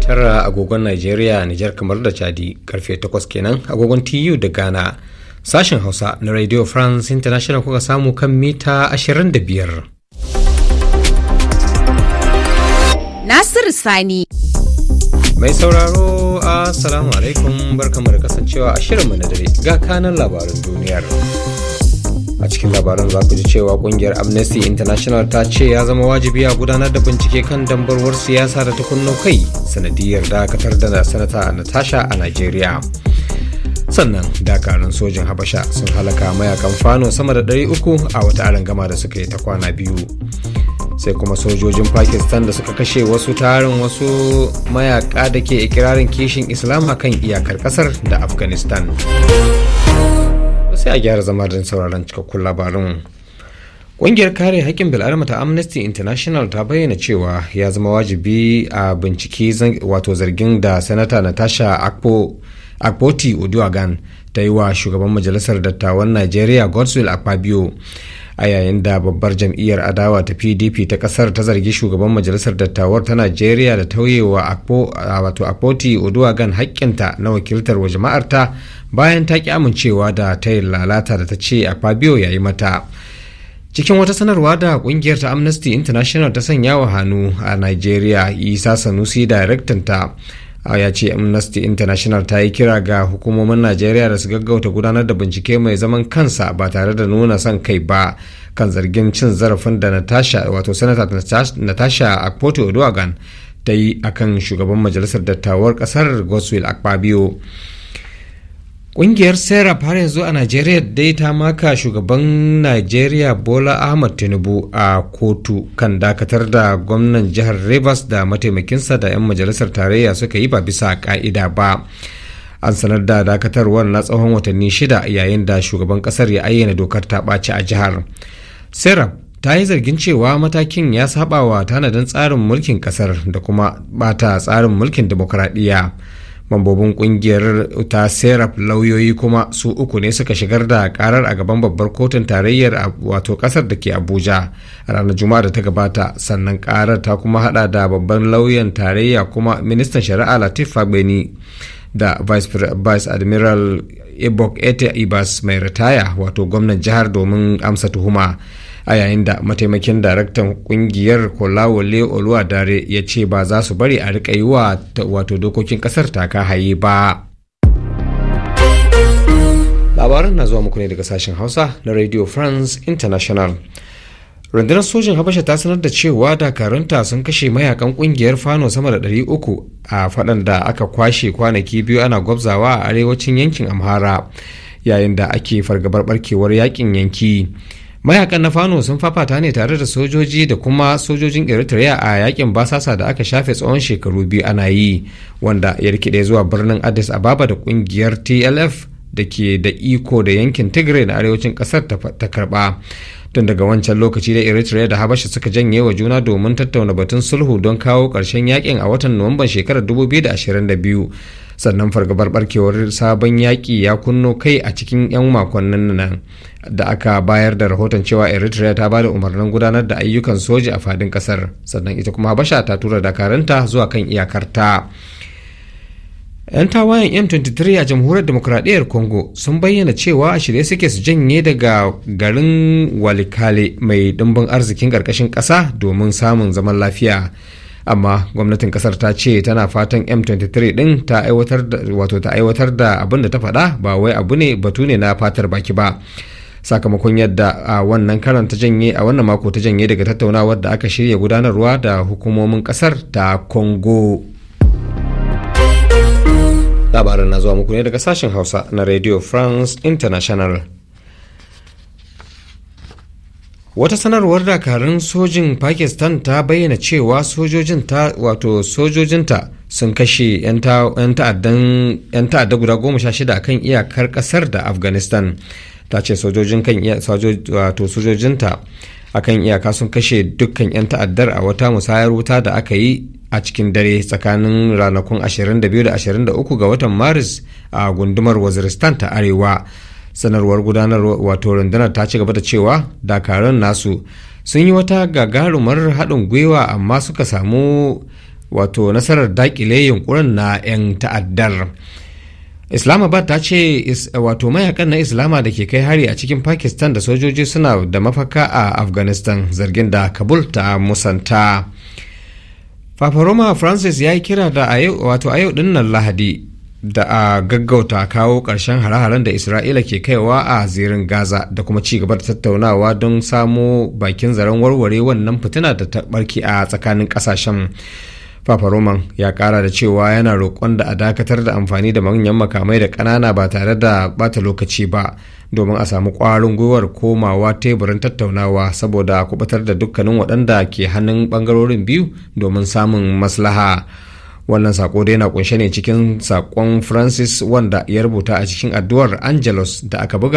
tara agogon Najeriya, Nijar kamar da Chadi, karfe takwas kenan agogon TU da Ghana. Sashen Hausa na Radio France International kuka samu kan mita 25. Nasiru Sani. Mai sauraro Assalamu alaikum barkamu da kasancewa a shirinmu na dare ga kanan labarin duniyar. a cikin labaran za ku ji cewa kungiyar amnesty international ta ce ya zama wajibi a gudanar da bincike kan dambarwar siyasa da ta kunno kai sanadiyar dakatar da sanata a natasha a nigeria sannan dakarun sojin habasha sun halaka mayakan fano sama da 300 a wata arangama da suka yi ta kwana biyu sai kuma sojojin pakistan da suka kashe wasu tarin wasu mayaka da ke ikirarin kishin islam a kan iyakar kasar da afghanistan sai a gyara zama da sauraron cikakkun labarin Ƙungiyar kare haƙƙin bil'adama ta Amnesty International ta bayyana cewa ya zama wajibi a bincike wato zargin da Sanata Natasha akpoti oduagan ta yi wa shugaban majalisar dattawan najeriya godswill akpabio a yayin da babbar jam'iyyar adawa ta pdp ta kasar ta zargi shugaban majalisar dattawar ta najeriya da tauye wa akpoti oduagan haƙƙinta na wakiltar wa jama'arta bayan ta ki amincewa da tayin lalata da ta ce a fabio ya yi mata cikin wata sanarwa da kungiyar ta amnesty international ta sanya wa hannu a nigeria isa sanusi ta ya ce amnesty international ta yi kira ga hukumomin nigeria da su gaggauta gudanar da bincike mai zaman kansa ba tare da nuna son kai ba kan zargin cin zarafin da natasha wato senator natasha akpoto odoagan ta yi akan shugaban majalisar dattawar kasar goswell akpabio Ƙungiyar Serap har yanzu a Najeriya dai ta maka shugaban Najeriya Bola Ahmad Tinubu a kotu kan dakatar da gwamnan jihar Rivers da mataimakinsa da 'yan majalisar tarayya suka yi ba bisa ka'ida ba. An sanar da dakatarwar na tsawon watanni shida yayin da shugaban kasar ya ayyana dokar ta ɓaci a jihar. Serap ta yi zargin cewa matakin ya saba wa tanadin tsarin mulkin kasar da kuma bata tsarin mulkin dimokuraɗiyya. mambobin kungiyar ta serap lauyoyi kuma su uku ne suka shigar da karar a gaban babbar kotun tarayyar wato kasar da ke abuja a ranar juma'a da ta gabata sannan karar ta kuma hada da babban lauyan tarayya kuma ministan shari'a latif fagbeni da vice admiral ibok ete ibas mai ritaya wato gwamnan jihar domin amsa tuhuma a yayin da mataimakin daraktan kungiyar kolawole oluwadare ya ce ba za su bari a rika yi wa wato dokokin kasar taka haye ba labaran na zuwa muku ne daga sashen hausa na radio france international rundunar sojin habasha ta sanar da cewa dakarunta sun kashe mayakan kungiyar fano sama da 300 a faɗan da aka kwashe kwanaki biyu ana gwabzawa a arewacin yankin amhara yayin da ake fargabar barkewar yakin yanki mayakan na fano sun fafata ne tare da sojoji da kuma sojojin eritrea a yakin basasa da aka shafe tsawon shekaru biyu ana yi wanda ya rikide zuwa birnin addis ababa da kungiyar tlf da ke da iko da yankin tigray na arewacin kasar ta karba tun daga wancan lokaci da eritrea da habasha suka janye wa juna domin tattauna batun sulhu don kawo ƙarshen yakin a watan nuwamban shekarar 2022 sannan fargabar barkewar sabon yaƙi ya kunno kai a cikin 'yan makonnin nan da aka bayar da rahoton cewa eritrea ta ba da umarnin gudanar da ayyukan soji a fadin kasar sannan ita kuma habasha ta tura dakaranta zuwa kan iyakarta 'yan tawayen m23 a jamhuriyar demokuraɗiyyar congo sun bayyana cewa shirye suke su janye daga garin walikale mai dimbin arzikin ƙarƙashin ƙasa domin samun zaman lafiya amma gwamnatin kasar ta ce tana fatan m23 din ta aiwatar da wato ta aiwatar da abin da ta faɗa ba wai abu ne batu ne na fatar baki ba sakamakon yadda a wannan karan ta janye a wannan mako ta janye daga tattaunawar da aka shirya gudanarwa da hukumomin kasar ta congo labarin na zuwa muku ne daga sashen hausa na radio france international wata sanarwar dakarun sojin pakistan ta bayyana cewa sojojinta wato sun kashe 'yan ta'adda guda goma sha kan iyakar kasar da afghanistan ta ce sojojinta a kan iyaka sun kashe dukkan 'yan ta'addar a wata musayar wuta da aka yi a cikin dare tsakanin ranakun 22 da 23 ga watan maris a gundumar waziristan ta arewa sanarwar gudanar wato rundunar ta ci gaba da cewa dakarun nasu sun yi wata gagarumar haɗin gwiwa amma suka samu wato nasarar dakile yunkurin na 'yan ta'addar islamabad ta ce wato mayakan na islama da ke kai hari a cikin pakistan da sojoji suna da mafaka a afghanistan zargin da kabul ta musanta fafaroma francis ya yi kira da wato a yau dinnan lahadi da a gaggauta kawo ƙarshen hare-haren da isra'ila ke kaiwa a zirin gaza da kuma ci gaba da tattaunawa don samo bakin zaren warware wannan fitina da ta barki a tsakanin ƙasashen Papa Roman ya kara da cewa yana roƙon da a dakatar da amfani da manyan makamai da ƙanana ba tare da bata lokaci ba domin a samu ƙwarin gwiwar komawa teburin tattaunawa saboda kubatar da dukkanin waɗanda ke hannun ɓangarorin biyu domin samun maslaha. wannan sako dai na kunshe ne cikin sakon francis wanda ya rubuta a cikin addu'ar angelos da aka buga